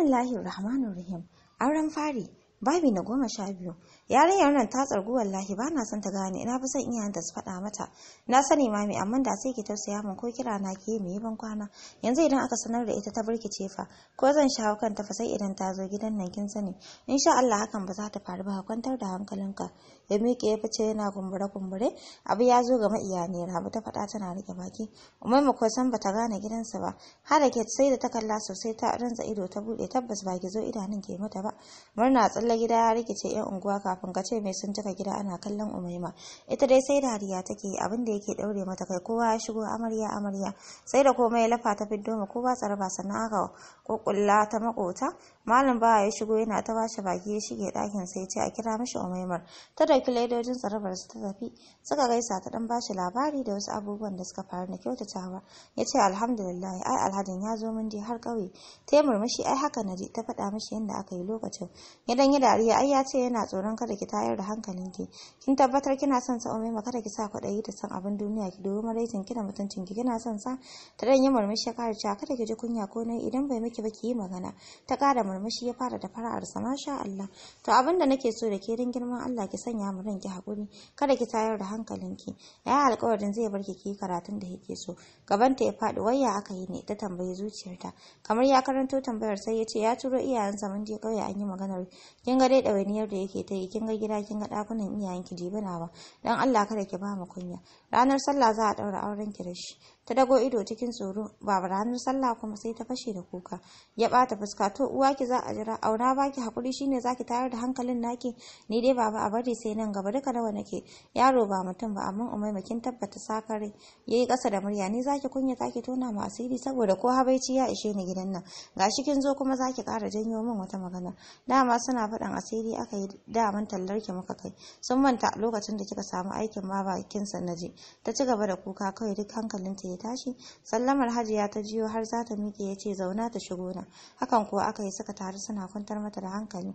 bismillahir rahmanir rahim auren fari babi na goma sha biyu yarinyar nan ta tsargu wallahi ba na son ta gane ina fi son iyayenta su faɗa mata na sani mami amma da sai ki tausaya min ko kira na ki mu yi ban kwana yanzu idan aka sanar da ita ta burkice fa ko zan shawo ta fa sai idan ta zo gidan nan kin sani insha Allah hakan ba za ta faru ba kwantar da hankalinka ya miƙe ya fice yana kumbure-kumbure abu ya zo ga ma'iya ne ta faɗa tana rike baki umaima ko san bata gane gidansa ba har sai da ta kalla sosai ta rinza ido ta buɗe tabbas ba ki zo idanun ke mata ba murna tsalle gida ya rikice yan unguwa kafin ka ce mai sun cika gida ana kallon umaima ita dai sai dariya take abin da yake daure mata kai kowa ya shigo amarya amarya sai da komai ya lafa ta fiddo mu kowa ba sannan aka kokulla ta makota malam bawa ya shigo yana ta bashi baki ya shige ɗakin sai ce a kira mishi umaimar ta dauki ledojin tsarabar su ta tafi suka gaisa ta dan bashi labari da wasu abubuwan da suka faru na kyautatawa ya ce alhamdulillah ai alhadin ya zo min dai har ƙauye ta yi murmushi ai haka na ji ta faɗa mishi yadda aka yi lokacin ya dan yi dariya ai ya ce yana tsoron kada ki tayar da hankalinki kin tabbatar kina son sa umaima kada ki sa kwaɗayi da san abin duniya ki domin raitin kina mutuncin ki kina son sa ta dan yi murmushi ya kare cewa kada ki ji kunya ko nai idan bai miki ba ki yi magana ta ƙara murmushi ya fara da fara'arsa masha Allah to abinda da nake so da ke din girman Allah ki sanya mu ranki hakuri kada ki tayar da hankalinki ya alƙawarin zai barki ki karatun da yake so gabanta ya faɗi waya aka yi ne ta tambayi zuciyarta kamar ya karanto tambayar sai ya ce ya turo iyayensa mun je kauye an yi maganar kin ga dai ɗawainiyar da yake ta yi kin ga gida kin ga ɗakunan iyayenki ba dan Allah kada ki ba mu kunya ranar sallah za a ɗaura aurenki da shi ta dago ido cikin tsoro ba ranar sallah kuma sai ta fashe da kuka ya bata fuska to uwa ki za a jira aura baki hakuri shine zaki tayar da hankalin naki ni dai baba a bari sai nan gaba duka nawa nake yaro ba mutum ba amma umaima kin tabbata sakare yayi kasa da murya ni zaki kunya take tona mu asiri saboda ko habaici ya ishe ni gidan nan gashi kin zo kuma zaki kara janyo min wata magana dama suna faɗan asiri aka yi daman tallarki muka kai sun manta lokacin da kika samu aikin ma bakin naje ta ci gaba da kuka kawai duk hankalinta ya tashi sallamar hajiya ta jiyo har za ta miƙe ya ce zauna ta shigo na hakan kuwa aka yi suka taru suna kwantar mata da hankali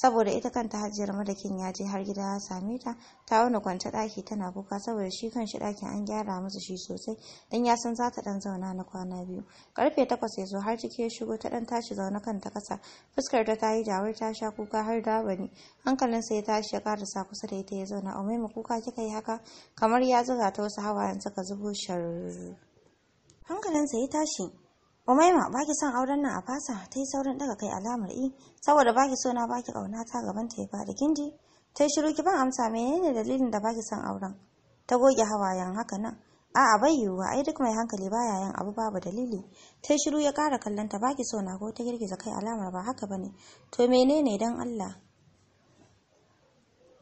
saboda ita kanta hajiyar madakin ya je har gida ya same ta ta wani kwance daki tana kuka saboda shi kan shi ɗakin an gyara masa shi sosai dan ya san za ta ɗan zauna na kwana biyu karfe takwas ya zo har ciki ya shigo ta dan tashi zaune kanta ta ƙasa fuskar ta ta yi jawar ta sha kuka har dabani hankalinsa ya tashi ya karasa kusa da ita ya zauna umaima kuka kika yi haka kamar ya zuga ta wasu hawayen suka zubo shar hankalinsa ya tashi Umaima ba ki son auren nan a fasa ta yi saurin daga kai alamar i e. saboda ba ki so na ba ki kauna ta gaban ta ya fadi kinji ta yi shiru ki ban amsa menene dalilin da baki son auren ta goge hawa hawayen haka nan a'a bai yiwuwa ai duk mai hankali baya yin abu babu dalili ta yi shiru ya kara kallon ta ki so na ko ta girgiza kai alamar ba haka bane to menene don Allah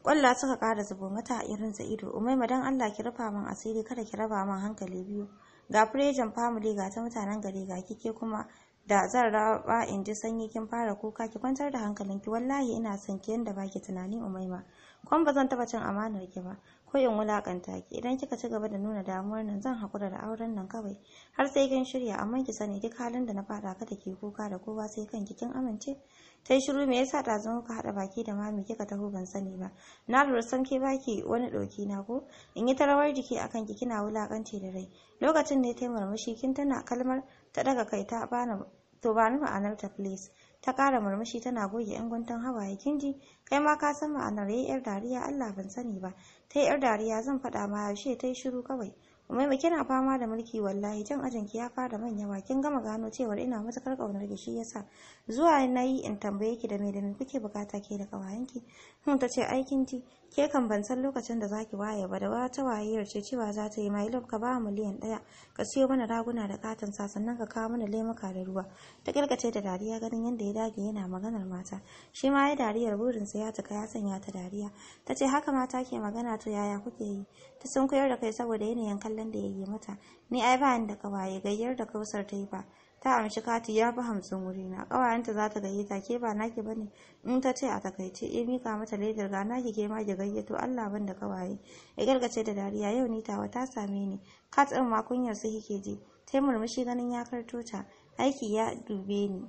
Wallah suka kara zubo mata irin sa ido umaima dan Allah ki rufa min asiri kada ki raba min hankali biyu ga firijin family ga ta mutanen gari ga kike kuma da zan raba in ji sanyi kin fara kuka ki kwantar da hankalinki wallahi ina son ki yanda baki tunani umaima kwan ba zan taba cin amanar ki ba ko in wulakanta ki idan kika ci gaba da nuna damuwar nan zan hakura da auren nan kawai har sai kin shirya amma ki sani duk halin da na fada ka da ke kuka da kowa sai kanki kin amince ta yi shiru me yasa ɗazu ka haɗa baki da mami kika taho ban sani ba na lura san ke baki wani ɗoki na ko in yi ta rawar jiki akan ki kina wulakanci da rai lokacin ne ta yi murmushi kin tana kalmar ta ɗaga kai ta bana to ba ni ma'anar ta please ta ƙara murmushi tana goge yan guntun hawaye kin ji kai ma ka san ma'anar yayi eh, yar dariya Allah ban sani ba ta yi yar dariya zan faɗa ma yaushe ta yi shiru kawai Umaima kina fama da mulki wallahi jan ajin ki ya fara yawa? kin gama gano cewar ina matukar kaunar ki shi yasa zuwa nayi in tambaye ki da me da me kuke bukata ke da kawayen ki mun ta ce aikin ji ke kan ban san lokacin da zaki waye ba da wata wayar ce cewa za ta yi my ka ba miliyan ɗaya ka siyo mana raguna da katon sa sannan ka kawo mana lemuka da ruwa ta kirkace da dariya ganin yadda ya dage yana maganar mata shi ma ya dariyar sa ya taka ya sanya ta dariya ta ce haka mata ke magana to yaya kuke yi ta sun koyar da kai saboda yanayin kallon da ya yi mata ni ai ba da waye. gayyar da kausar ta yi ba ta amshi kati ya fi hamsin wurina ƙawayenta za ta gayyata ke ba naki ne in ta ce a takaice ya eh, mika mata ledar ga naki ke ma ki gayyato Allah ban da ƙawaye ya gargace da dariya yau ni tawa ta same ni kat ɗin ma kunyar su kike ji ta murmushi ganin ya karto ta aiki ya dube ni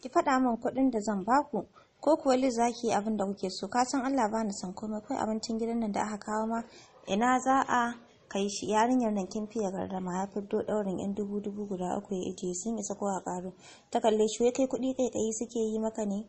ki faɗa min kuɗin da zan baku ko kuwa li za ki yi abin da kuke so ka san Allah ba ni san komai kai abincin gidan nan da aka kawo ma ina za a kai shi yarinyar nan kin fiye gardama ya fiddo daurin yan dubu dubu guda uku ya ije sun isa kowa a karo ta kalle shi kai kuɗi kai kai suke yi maka ne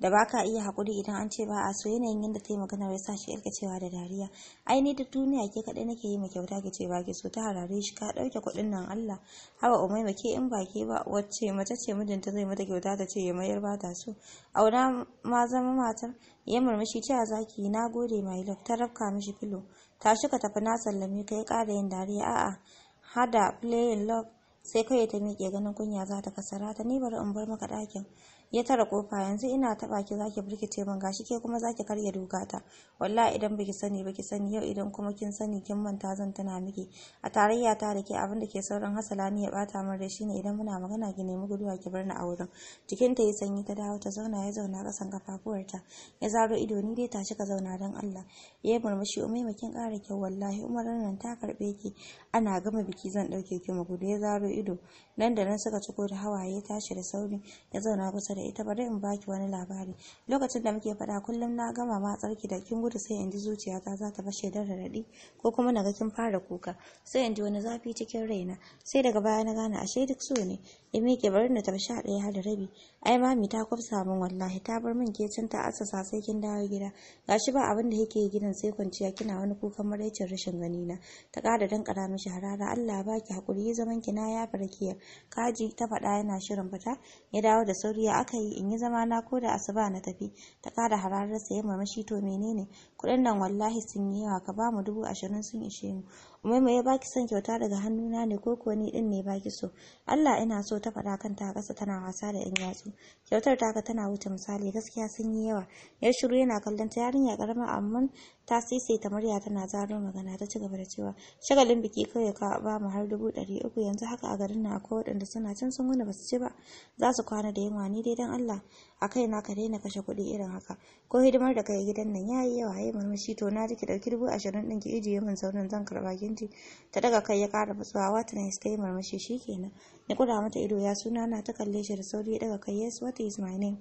da ba ka iya hakuri idan an ce ba a so yanayin yadda ta yi magana ya sa shi cewa da dariya ai da duniya ke kaɗai nake yi ma kyauta ki ce ba ki so ta harare shi ka ɗauke kuɗin nan Allah hawa umaima ke in ba ke ba wacce mace ce mijinta zai mata kyauta ta ce ya mayar ba ta so auna ma zama matar ya murmushi cewa zaki na gode mai ta rafka mashi filo tashi ka tafi na sallame ka ya ƙara yin dariya a'a hada playing love sai kai ta miƙe ganin kunya za ta kasara ta ni bari in bar maka ɗakin ya tara kofa yanzu ina taba ki zaki burkice min gashi ke kuma zaki karya dukata wallahi idan baki sani baki sani yau idan kuma kin sani kin manta zan tana miki a tarayya ta da ke abin da ke sauran hasala ne ya bata min da shine idan muna magana ki nemi guduwa ki bar ni a wurin jikin ta yi sanyi ta dawo ta zauna ya zauna kasan kafafuwarta ya zaro ido ni dai tashi ka zauna dan Allah ya murmushi umaima kin kara kyau wallahi umaran nan ta karbe ki ana gama biki zan dauke ki mu gudu ya zaro ido nan da nan suka ciko da hawaye tashi da sauri ya zauna kusa da da ita bari in baki wani labari lokacin da muke faɗa kullum na gama ma tsarki da kin gudu sai in ji zuciyata za ta bashe da raɗaɗi ko kuma na kin fara kuka sai inji wani zafi cikin raina sai daga baya na gane ashe duk so ne in e, miƙe bari na tafi sha ɗaya har da rabi ai mami ta kwafsa min wallahi ta bar min kecin ta asasa sai kin dawo gida gashi ba abin da yake gidan sai kwanciya kina wani kukan maraicin rashin gani na ta ƙara danƙara mishi harara Allah baki hakuri zaman ki na ya farkiya kaji ta faɗa yana shirin fita ya dawo da sauri ya aka yi in yi zama na ko da asuba na tafi ta kada hararar ya marmashi to menene kuɗin nan wallahi sun yi yawa ka ba mu dubu ashirin sun ishe mu umaima ya baki son kyauta daga hannuna ne ko kuwa ni din ne baki so Allah ina so ta faɗa kanta a ƙasa tana wasa da yan yatsu kyautar taka tana wuce misali gaskiya sun yi yawa ya shiru yana kallon ta yarinya karama amma ta sisaita murya tana zaro magana ta ci gaba da cewa shagalin biki kawai ka ba mu har dubu ɗari uku yanzu haka a garin na akwai waɗanda suna can sun wani basu ci ba za su kwana da yunwa ni dai dan Allah a kai na ka daina kashe kuɗi irin haka ko hidimar da kai gidan nan yayi yawa yayi murmushi to na rike dauki dubu ashirin din ki ijiye min sauran zan karba kinji ta daga kai ya kara fitsuwa wata ne ta yi murmushi shikenan ni kuda mata ido ya suna na ta kalle shi da sauri ya daga kai yes what is my name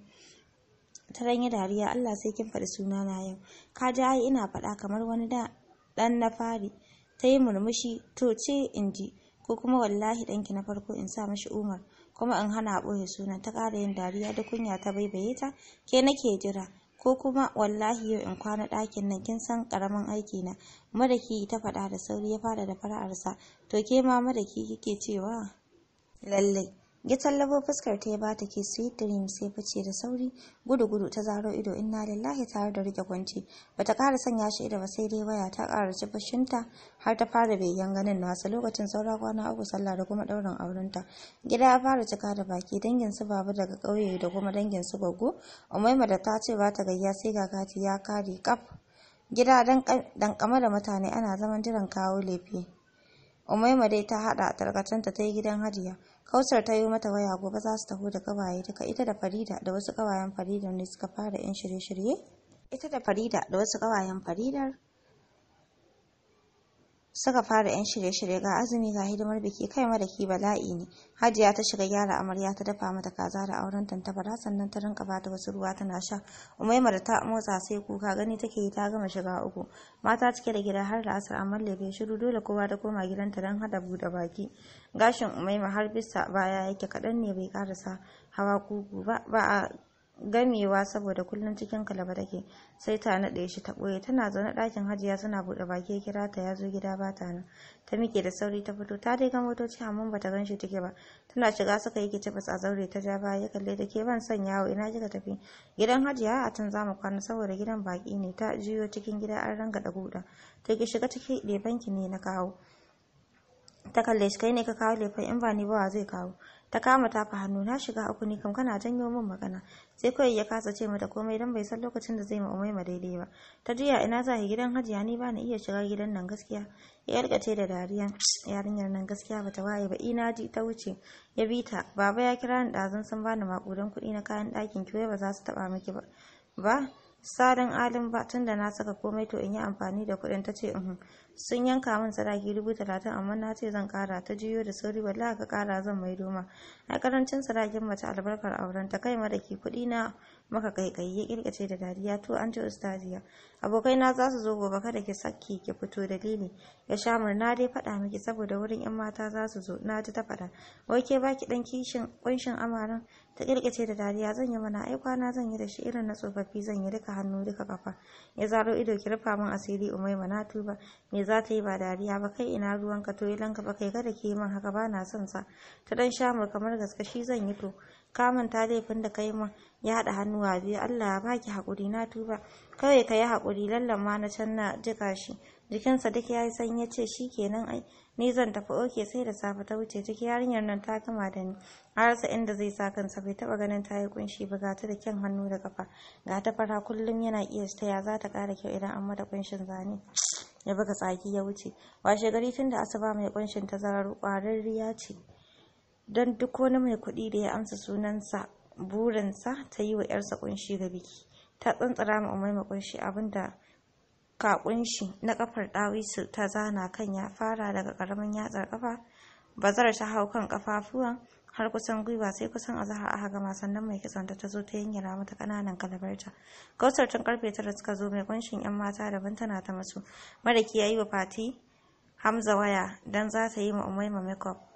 ta ranye dariya Allah sai kin faɗi suna na yau ka ji ai ina faɗa kamar wani da dan na fari ta yi murmushi to ce in ji ko kuma wallahi danki na farko in sa mashi umar kuma in hana a ɓoye suna ta ƙara yin dariya da kunya ta baibaye ta ke nake jira ko kuma wallahi yau in kwana ɗakin nan kin san ƙaramin aiki na madaki ta faɗa da sauri ya fara da fara'arsa to ke ma madaki kike cewa lallai ya tallabo fuskar ta ya ba ta ke sweet dream sai fice da sauri gudu gudu ta zaro ido in na lillahi tare da rike kwanci bata kara sanya shi ido ba sai dai waya ta kara ci fushinta har ta fara bayyan ganin nasa lokacin saura kwana uku sallah da kuma ɗaurin aurenta gida ya fara cika da baki dangin su babu daga kauye da kuma dangin su goggo umaima da ta ce ba ta gayya sai ga kati ya kare kaf gida kama da mutane ana zaman jiran kawo lefe umaima dai ta haɗa tarkacenta ta yi gidan hajiya Kausar ta yi mata waya gobe za su taho da kawaye duka ita da Farida da wasu kawayen Faridar ne suka fara yan shirye-shirye. Ita da Farida da wasu kawayen Faridar suka fara 'yan shirye-shirye ga azumi ga hidimar biki kai mara ki bala'i ne hajiya ta shiga gyara amarya ta dafa mata kaza da auren tantabara sannan ta rinka bata wasu ruwa tana sha umaimar ta motsa sai kuka gani take yi ta gama shiga uku mata cike da gida har da asar amma lebe shiru dole kowa da koma gidanta don hada buɗe baki gashin umaima har bisa baya yake kaɗan ne bai karasa hawa kugu ba ba gamewa saboda kullum cikin kalaba take sai ta naɗe shi ta ɓoye tana zaune dakin hajiya suna buɗe baki ya kira ta yazo gida ba ta nan ta mike da sauri ta fito ta dai ga motoci amma bata gan shi take ba tana shiga suka yi kitibas a zaure ta ja baya ya kalle da ke ban san yawo ina kika tafi gidan hajiya a can zamu kwana saboda gidan baki ne ta jiyo cikin gida an ranga da guda ta shiga ciki ɗe banki ne na kawo ta kalle shi kai ne ka kawo laifin in ba ni ba zai kawo ta kama ta tafa hannu na shiga uku ni kam kana janyo min magana sai kawai ya kasa ce mata komai dan bai san lokacin da zai ma ma daidai ba ta juya ina za ki gidan hajiya ni ba na iya shiga gidan nan gaskiya ya rikace da dariya yarinyar nan gaskiya ba ta waye ba ina ji ta wuce ya bi ta baba ya kira ni dazun sun bani makudan kuɗi na kayan ɗakin ki ba za su taba miki ba ba sadan alin ba tunda na saka komai to in yi amfani da kuɗin ta ce uhm. sun yanka min sadaki dubu talatin amma na ce zan kara ta juyo da sauri wallahi aka kara zan mai doma a karancin sadakin mace albarkar auren ta kai ki kuɗi na maka kaikayi ya kirkace da dariya to an ce ustaziya abokai na za su zo gobe kada ki saki ki fito dalili ya sha murna dai faɗa miki saboda wurin yan mata za su zo na ji ta faɗa wai ke baki dan kishin kunshin amaran ta kirkace da dariya zan yi mana ai kwana zan yi da shi irin na tsofaffi zan yi duka hannu duka kafa ya zaro ido ki rufa min asiri umai mana tuba me za ta yi ba dariya ba kai ina ruwanka to ka ba kai kada ke yi min haka ba na son sa ta dan shamur kamar gaske shi zan yi to ka manta laifin da kai min ya haɗa hannuwa biyu Allah ya baki haƙuri na tuba kawai ka yi haƙuri lallan ma na can na jika shi jikinsa duk ya yi san ya ce shi kenan ai ni zan tafi oke sai da safe ta wuce ciki yarinyar nan ta kama da ni a rasa inda zai sa kansa bai taba ganin ta yi kunshi ba ga ta da kyan hannu da kafa ga ta fara kullum yana iya ta ya za ta kara kyau idan an mata kunshin zane ya buga tsaki ya wuce washe gari tun da asuba mai kunshin tazarar kwararriya ce don duk wani mai kuɗi da ya amsa sunansa burinsa ta yi wa yarsa kunshi ga biki ta tsantsara ma umai kunshi abinda ka kunshi na kafar dawisu ta zana kan ya fara daga karamin yatsar kafa bazar ta hau kan kafafuwan har kusan gwiwa sai kusan zaha aka gama sannan mai kitson ta zo ta yanyara mata kananan kalabarta kausar tun karfe tara suka zo mai kunshin yan mata daban tana ta masu maraki ya yi wa fati hamza waya don za ta yi ma umaima makeup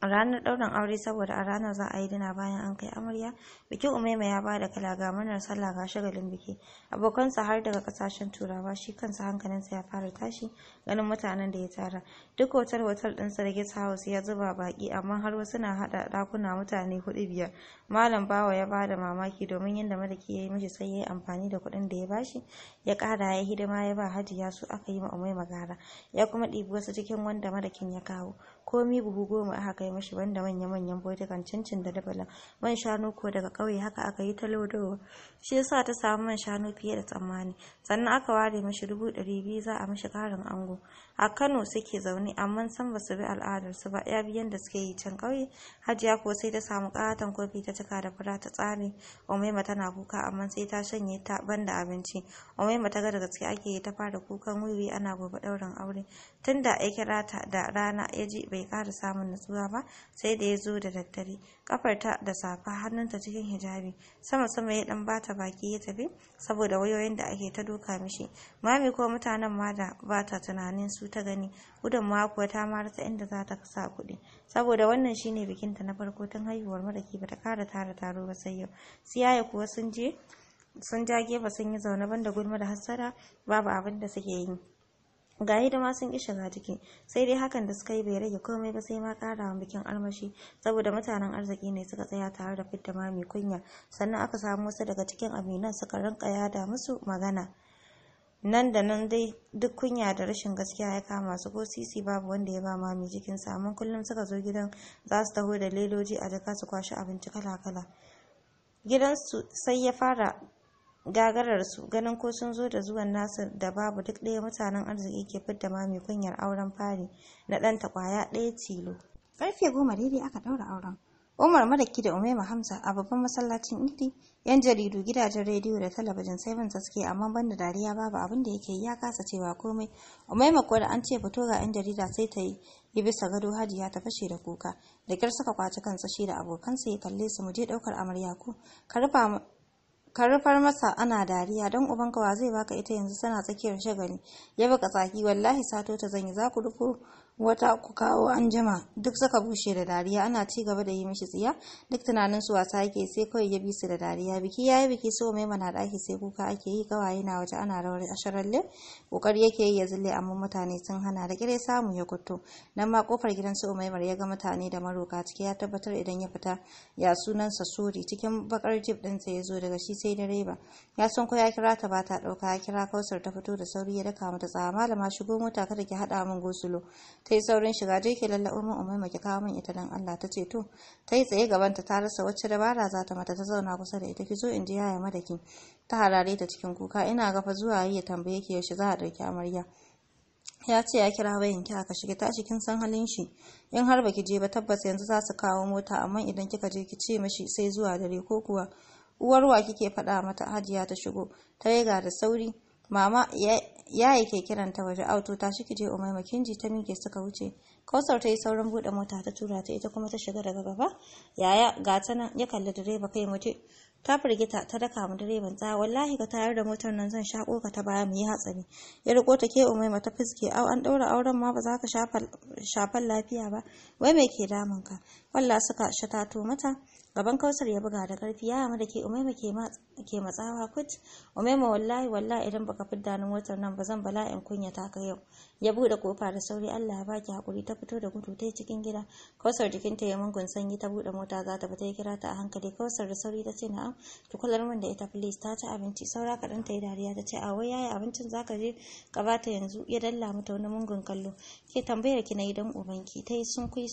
ranar ɗaurin aure saboda a ranar za a yi dina bayan an kai amarya bikin umaima ya ba da kala ga murnar sallah ga shagalin biki abokansa har daga kasashen turawa shi kansa hankalinsa ya fara tashi ganin mutanen da ya tara duk hotel hotel sa da guest house ya zuba baki amma har wasu na haɗa ɗakuna mutane hudu biyar malam bawa ya ba da mamaki domin yadda madaki ya yi mishi sai ya yi amfani da kuɗin da ya bashi ya ƙara ya hidima ya ba hajiya su aka yi ma umaima gara ya kuma ɗibi wasu cikin wanda madakin ya kawo komi buhu goma aka kai mashi banda manya-manyan botikan cincin da dabala man shanu ko daga ƙauye haka aka yi ta lodowa shi yasa ta samu man shanu fiye da tsammani sannan aka ware mashi dubu ɗari biyu za a mashi ƙarin ango a kano suke zaune amma san basu bi al'adarsu ba ya biyan da suke yi can ƙauye hajiya ko sai ta samu ƙaton kofi ta cika da fura ta tsare umaima tana kuka amma sai ta shanye ta banda abinci umaima ta ga da gaske ake yi ta fara kukan wiwi ana gobe ɗaurin aure tunda ya kira ta da rana ya ji bai ƙara samun nutsuwa ba sai da ya zo da daddare kafar ta da safa hannunta cikin hijabi sama sama ya dan bata baki ya tafi saboda wayoyin da ake ta doka mishi mami ko mutanen ma da bata tunanin su ta gani gudun kuwa ta marasa inda za ta sa kuɗi saboda wannan shine bikinta na farko tun haihuwar maraki ta kara tara taro ba sai yau siyaya kuwa sun je sun ja gefe sun yi zaune banda gulma da hasara babu abin da suke yi ga hidima sun ƙi shiga ciki sai dai hakan da suka yi bai rage komai ba sai ma ƙara wa bikin armashi saboda mutanen arziki ne suka tsaya tare da fidda mai kunya sannan aka samu wasu daga cikin aminan suka rinka yada musu magana nan da nan dai duk kunya da rashin gaskiya ya kama su ko sisi babu wanda ya ba mami cikin amma kullum suka zo gidan za su taho da leloji a jaka su kwashi abinci kala-kala Gidan su sai ya fara gagarar su ganin ko sun zo da zuwan nasu da babu duk ɗaya mutanen arziki ke fidda mami kunyar auren fari na ɗanta ƙwaya ɗaya tilo karfe goma daidai aka ɗaura auren Umar Madaki da Umaima Hamza a babban masallacin Idi, yan jaridu gidajen rediyo da talabijin sai ban saske amma ban da dariya babu abin da yake ya kasa cewa komai. Umaima kuwa da an ce fito ga yan jarida sai ta yi yi bisa gado hajiya ta fashe da kuka da kyar suka kwaci kansa shi da abokansa ya kalle su mu je daukar amarya ku ka rufar masa ana dariya don uban kawa zai baka ita yanzu sana tsakiyar shagali ya baka tsaki wallahi sato ta zanyi za ku rufo wata ku kawo an jima duk suka bushe da dariya ana ci gaba da yi mishi tsiya duk tunanin su wasa yake sai kawai ya bi su da dariya biki yayi biki so mai mana daki sai kuka ake yi gawaye na waje ana rawar asharalle kokari yake yi ya zille amma mutane sun hana da kire samu ya kutto nan ma kofar gidan su umaimar ya ga mutane da maroka ciki ya tabbatar idan ya fita ya sunan sa sori cikin bakar jib din sa yazo daga shi sai direba ya san ko ya kira ta ba ta dauka ya kira kausar ta fito da sauri ya daka mata tsama malama shigo mota kada ki hada min gosulo ta yi saurin shiga je ke lallaɓo min umaima ki kawo min ita dan Allah ta ce to ta yi tsaye gabanta ta rasa wacce dabara za ta mata ta zauna kusa da ita ki zo in ji yaya madaki ta harare ta cikin kuka ina gafa zuwa ya tambaye ki yaushe za a ɗauki amarya ya ce ya kira wayan ki aka shiga tashi kin san halin shi in har baki je ba tabbas yanzu za su kawo mota amma idan kika je ki ce mashi sai zuwa dare ko kuwa uwarwa kike faɗa mata hajiya ta shigo ta yi ga da sauri mama yaye ke kiranta waje auto ta shi kije umai makinji ta mike suka wuce kausar ta yi sauran bude mota ta tura ta ita kuma ta shiga daga gaba yaya ga ta nan ya kalli direba kai waje ta firgita ta daka mu direban ta wallahi ka tayar da motar nan zan shako ka ta baya mu yi hatsari ya riko ta ke umai ta fiske au an daura auren ma ba za ka shafan lafiya ba wai me ke damun ka walla suka shatato mata gaban kausar ya buga da karfi ya da ke umaima ke matsawa kut umaima wallahi wallahi idan baka fi danin watan nan ba zan bala'in kunya ta ka yau ya buɗe kofa da sauri Allah ya baki hakuri ta fito da gudu ta cikin gida kausar jikinta ya mungun sanyi ta buɗe mota za ta fita ya kira ta a hankali kausar da sauri ta ce na'am ki kular min da ita please ta ci abinci saura kaɗan ta yi dariya ta ce a wai yaya abincin za ka je ka bata yanzu ya dalla mata wani mungun kallo ke tambayar ki na yi don ubanki ta yi sun kuyi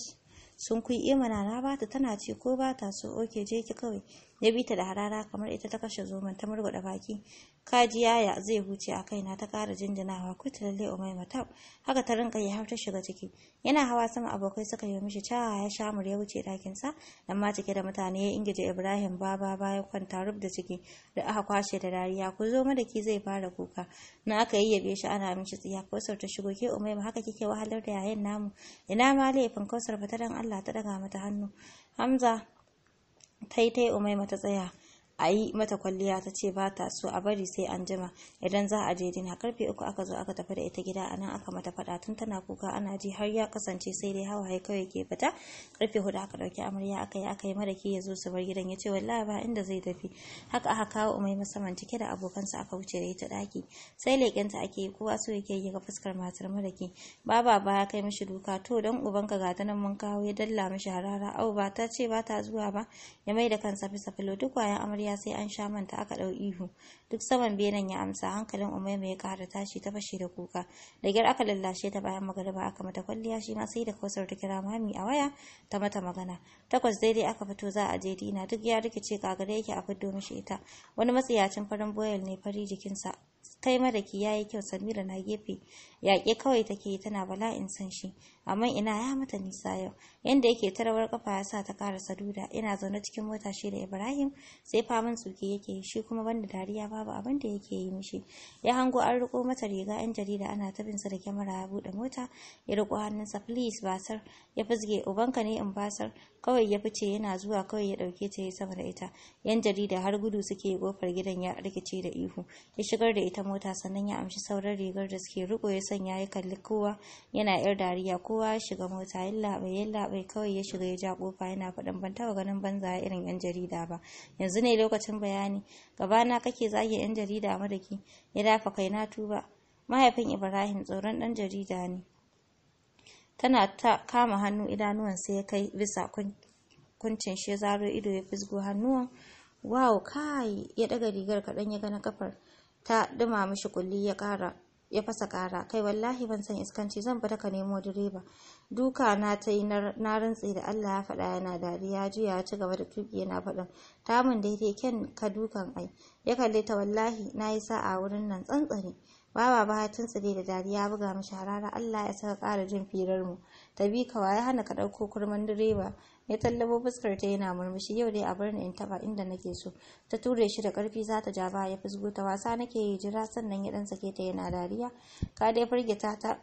sun kun imana na na bata tana ce ko bata so oke je ki kawai ya bi ta da harara kamar ita ta kashe zoman ta murguɗa baki kaji yaya zai huce a kaina ta kara jinjinawa ku ta lalle umaima tab haka ta rinka yi har ta shiga ciki yana hawa sama abokai suka yi mishi cewa ya sha ya wuce ɗakin sa dan ma cike da mutane ya ingije Ibrahim baba baya kwanta rub da ciki da aka kwashe da dariya ku zo madaki zai fara kuka na aka yi yabe shi ana mishi tsiya kausar ta shigo ke umaima haka kike wahalar da yayin namu ina ma laifin kausar fata dan Allah ta daga mata hannu Hamza taitai umaima ta tsaya a yi mata kwalliya ta ce ba ta so a bari sai an jima idan za a je dina karfe uku aka zo aka tafi da ita gida a nan aka mata faɗa tun tana kuka ana ji har ya kasance sai dai hawaye kawai ke fita karfe hudu aka ɗauki amarya aka yi aka yi mara ki ya zo su bar gidan ya ce wallahi ba inda zai tafi haka aka kawo umai musamman cike da abokansa aka wuce da ita ɗaki sai leƙenta ake yi kowa so yake yi ga fuskar matar mara ki baba baya kai mishi duka to dan ubanka ga ta nan mun kawo ya dalla mishi harara au ba ta ce ba ta zuwa ba ya mai da kansa fisa filo duk wayan amarya kariya sai an sha manta aka ɗau ihu duk saman benen ya amsa hankalin umaima ya ƙara tashi ta fashe da kuka da gyar aka lallashe ta bayan magariba aka mata kwalliya shi ma sai da kausar ta kira mami a waya ta mata magana takwas daidai aka fito za a je dina duk ya rikice kagare yake a fiddo mishi ita wani matsiyacin farin boyel ne fari jikinsa kai madaki yayi kyau Samira na gefe yaƙe kawai take yi tana bala'in san shi amma ina ya mata nisa yau yanda yake tarawar kafa ya sa ta karasa duda ina zaune cikin mota shi da Ibrahim sai faman tsuke yake yi shi kuma banda dariya babu abin da yake yi mishi ya hango an riko mata riga yan jarida ana ta bin sa da kyamara ya buɗe mota ya riko hannunsa please basar ya fizge ubanka ne in basar kawai ya fice yana zuwa kawai ya ɗauke, ta ya sama da ita yan jarida har gudu suke gofar gidan ya rikice da ihu ya shigar da ita ta mota sannan ya amshi sauran rigar da suke riko ya sanya ya kalli kowa yana yar dariya kowa ya shiga mota yalla bai yalla bai kawai ya shiga ya ja kofa yana faɗin ban taɓa ganin banza irin yan jarida ba yanzu ne lokacin bayani gabana kake zage yan jarida madaki ya dafa kai na tuba mahaifin ibrahim tsoron ɗan jarida ne tana ta kama hannu idanuwan sai ya kai bisa kuncin shi zaro ido ya fisgo hannuwan wow kai ya daga rigar kaɗan ya gana kafar ta duma mishi kulli ya kara ya fasa kara kai wallahi ban san iskanci zan bada ka nemo direba duka na ta yi na rantse da Allah ya faɗa yana dariya juya ya ci gaba da tuki yana faɗin tamun daidai ken ka dukan ai ya kalle ta wallahi na yi sa'a wurin nan tsantsare baba ba tun tsire da dariya buga mishi harara Allah ya saka kara jin firar mu tabi kawai hana ka ɗauko kurman direba ya tallabo fuskar ta yana murmushi yau dai a bar ni in taba inda nake so ta ture shi da karfi za ta ja baya ya fusgo ta wasa nake yi jira sannan ya dan sake ta yana dariya ka dai firgita ta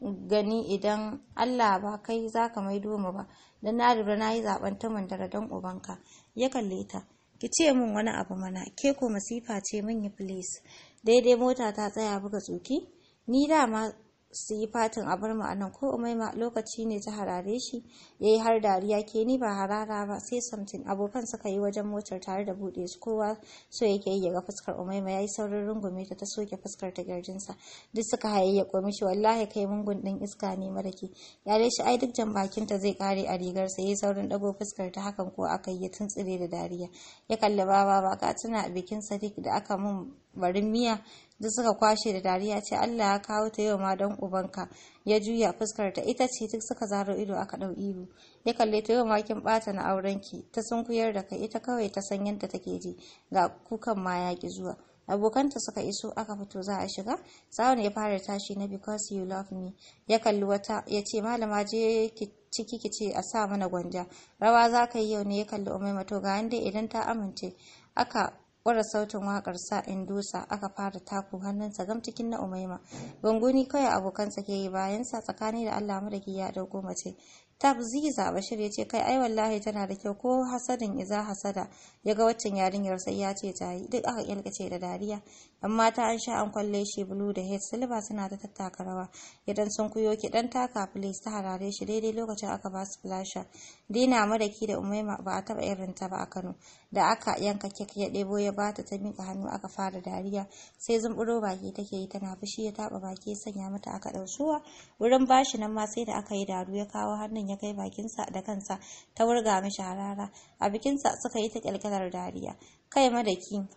gani idan Allah ba kai za ka maido mu ba dan na riga na yi zaben ta tara dan ubanka ya kalle ta ki ce min wani abu mana ke ko masifa ce min yi please daidai mota ta tsaya buga tsoki ni dama su yi fatin a bar mu anan ko umaima lokaci ne ta harare shi ya yi har dariya ke ni ba harara ba sai samtin abokan suka yi wajen motar tare da bude su kowa so yake yi ga fuskar umaima ya yi saurin rungume ta ta soke fuskar ta sa duk suka hayayya komi shi wallahi kai mungun din iska ne maraki ya dai shi ai duk jan bakin ta zai kare a rigarsa ya yi saurin dago fuskar ta hakan ko aka yi tuntsire da dariya ya kalli baba ba ka tuna bikin sadiq da aka mun barin miya da suka kwashe da dariya ce Allah ya kawo ta yau ma dan ubanka ya juya fuskar ta ita ce duk suka zaro ido aka dau ido ya kalle ta yau ma kin bata na auren ki ta sunkuyar da kai ita kawai ta san yadda take ji ga kukan ma ya ki zuwa abokanta suka iso aka fito za a shiga sawun ya fara tashi na because you love me ya kalli wata ya ce malama je ki ciki ki ce a sa mana gwanja rawa za ka yi yau ne ya kalli umaima to ga dai idan ta amince aka kwara sautin wakar sa indusa aka fara taku hannunsa gam cikin na umaima gunguni kawai abokansa ke yi bayansa tsakani da allah madaki ya ɗauko mace tabziza bashir ya ce kai ai wallahi tana da kyau ko hasadin iza hasada ya ga waccan yarinyar sai ya ce ta yi duk aka ce da dariya amma ta an sha an kwalle shi bulu da head silver suna ta tattaka rawa idan sun kuyo ki dan taka please ta harare shi daidai lokacin aka ba su flasha dina madaki da umaima ba a taba irin ta ba a Kano da aka yanka kek ya debo ya bata ta mika hannu aka fara dariya sai zumburo baki take yi tana fushi ya taba baki sanya mata aka suwa wurin bashi nan ma sai da aka yi daru ya kawo hannun abin ya kai bakinsa da kansa ta wurga mishi harara a bikinsa suka yi ta kyalkyalar dariya kai madaki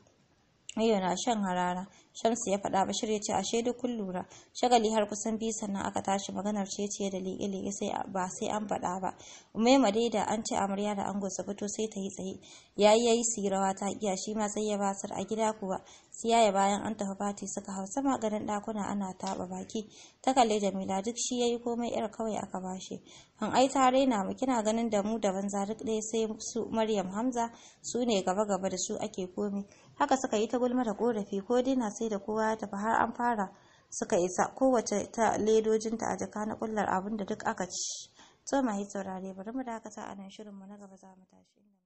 Mayo na shan harara. Shamsu ya faɗa Bashir ya ce ashe duk kun lura. Shagali har kusan biyu sannan aka tashi maganar ce da liƙe-liƙe sai ba sai an faɗa ba. Umaima dai da an ce amarya da ango su fito sai ta yi tsaye. Yayi yayi sirawa ta giya shi ma sai ya basar a gida kuwa. Siyaya bayan an tafi fati suka hau sama garin ɗakuna ana taɓa baki. Ta kalle Jamila duk shi yayi komai irin kawai aka bashi. An ai ta raina mu kina ganin da mu da banza duk ɗaya sai su Maryam Hamza su ne gaba-gaba da su ake komai. haka suka yi ta gulma da korafi ko dina sai da kowa ya tafi har an fara suka isa kowace ta ledojinta a jaka na kullar abin da duk aka ci to mai saurare bari mu dakata a nan mu na gaba za mu tashi